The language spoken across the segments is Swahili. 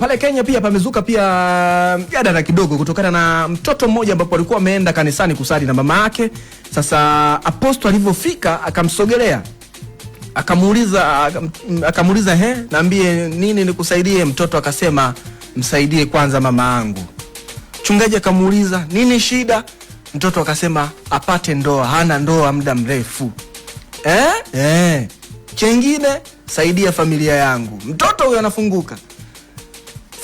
Pale Kenya pia pamezuka pia mjadala kidogo kutokana na mtoto mmoja ambapo alikuwa ameenda kanisani kusali na mama yake. Sasa aposto alivyofika akamsogelea, akamuuliza akamuuliza, he, naambie nini nikusaidie? Mtoto akasema msaidie kwanza mama yangu. Mchungaji akamuuliza nini shida? Mtoto akasema apate ndoa, hana ndoa muda mrefu. Eh, eh, chengine saidia familia yangu. Mtoto huyo anafunguka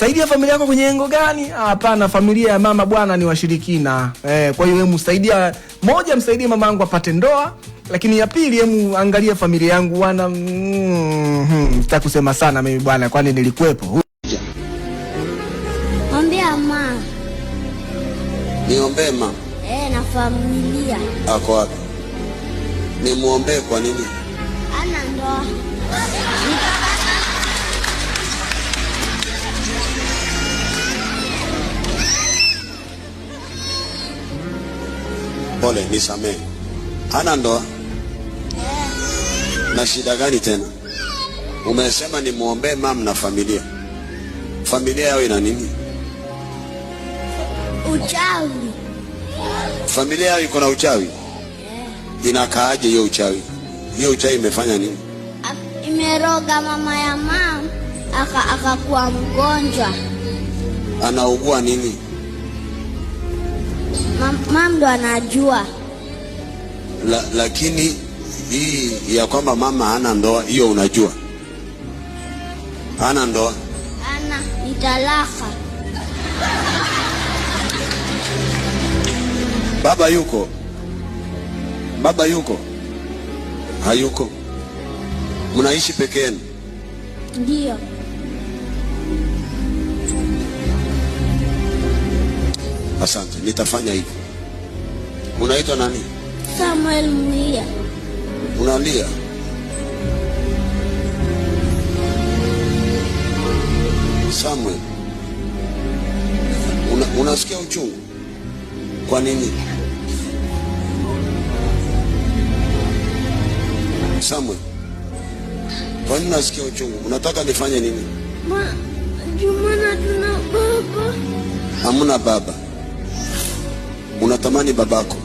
saidia familia yako kwenye engo gani? Hapana, familia ya mama bwana ni washirikina. Eh, kwa hiyo hemu saidia moja, msaidie mama yangu apate ndoa, lakini ya pili, hemu angalia familia yangu wana mm, hmm, sitakusema sana mimi bwana, kwani nilikuwepo. Ombea mama, niombee mama eh, na familia ako wapi? Nimwombee kwa nini? Ana ndoa pole, nisamehe. Hana ndoa na shida gani tena? Umesema nimwombee mam na familia, familia yao ina nini? Uchawi. Familia yao iko na uchawi? Inakaaje hiyo uchawi? Hiyo uchawi imefanya nini? Imeroga mama ya mam akakuwa aka mgonjwa. Anaugua nini? mama ndo anajua. La, lakini hii ya kwamba mama hana ndoa hiyo unajua, hana ndoa, ana ni talaka. Baba yuko, baba yuko, hayuko, mnaishi peke yenu? Ndio. Asante, nitafanya hivyo. Unaitwa nani? Samuel Mwia. Unalia? Samuel, una, unasikia uchungu? Kwa nini? Samuel, kwa nini unasikia uchungu? Unataka nifanye nini? Ma, jumana tuna baba. Hamuna baba unatamani babako,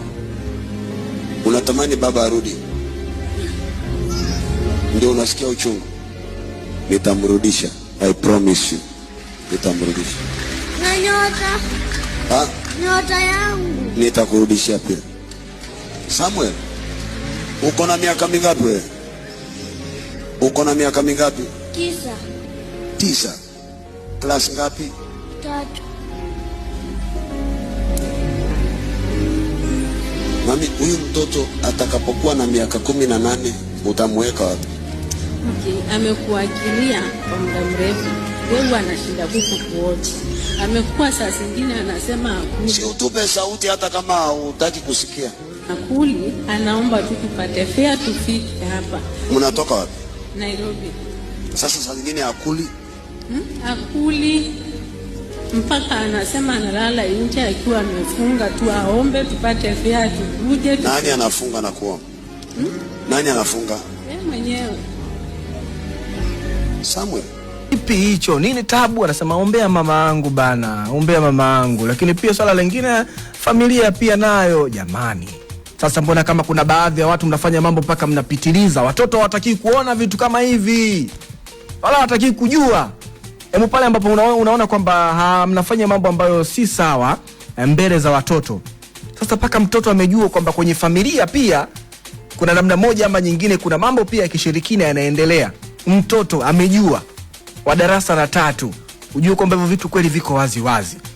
unatamani baba arudi, ndio unasikia uchungu. Nitamrudisha, I promise you, nitamrudisha na nyota, ha? nyota yangu nitakurudishia pia. Samuel, uko na miaka mingapi wewe? Uko na miaka mingapi? Tisa. Tisa. Klasi ngapi? Tatu. Mami, huyu mtoto atakapokuwa na miaka kumi na nane utamweka wapi? Okay, amekuakilia kwa muda mrefu, wewe anashinda huku kuoti, amekuwa saa zingine anasema hakuli. Si utupe sauti hata kama hutaki kusikia akuli, anaomba tu tupate fea tufike hapa. Mnatoka wapi? Nairobi. Sasa saa zingine akuli hmm? akuli mpaka anasema analala nje akiwa amefunga tu, aombe tupate vya tuje. Nani anafunga na kuomba hmm? Nani anafunga yeye mwenyewe Samuel Kipi hicho? Nini tabu? Anasema ombea mama angu bana, ombea mama angu. Lakini pia swala lingine, familia pia nayo jamani. Sasa mbona kama kuna baadhi ya watu mnafanya mambo mpaka mnapitiliza? Watoto hawataki kuona vitu kama hivi, wala hawataki kujua hebu pale ambapo unaona, unaona kwamba mnafanya mambo ambayo si sawa eh, mbele za watoto. Sasa mpaka mtoto amejua kwamba kwenye familia pia kuna namna moja ama nyingine, kuna mambo pia ya kishirikina yanaendelea. Mtoto amejua wa darasa la tatu, ujue kwamba hivyo vitu kweli viko wazi wazi.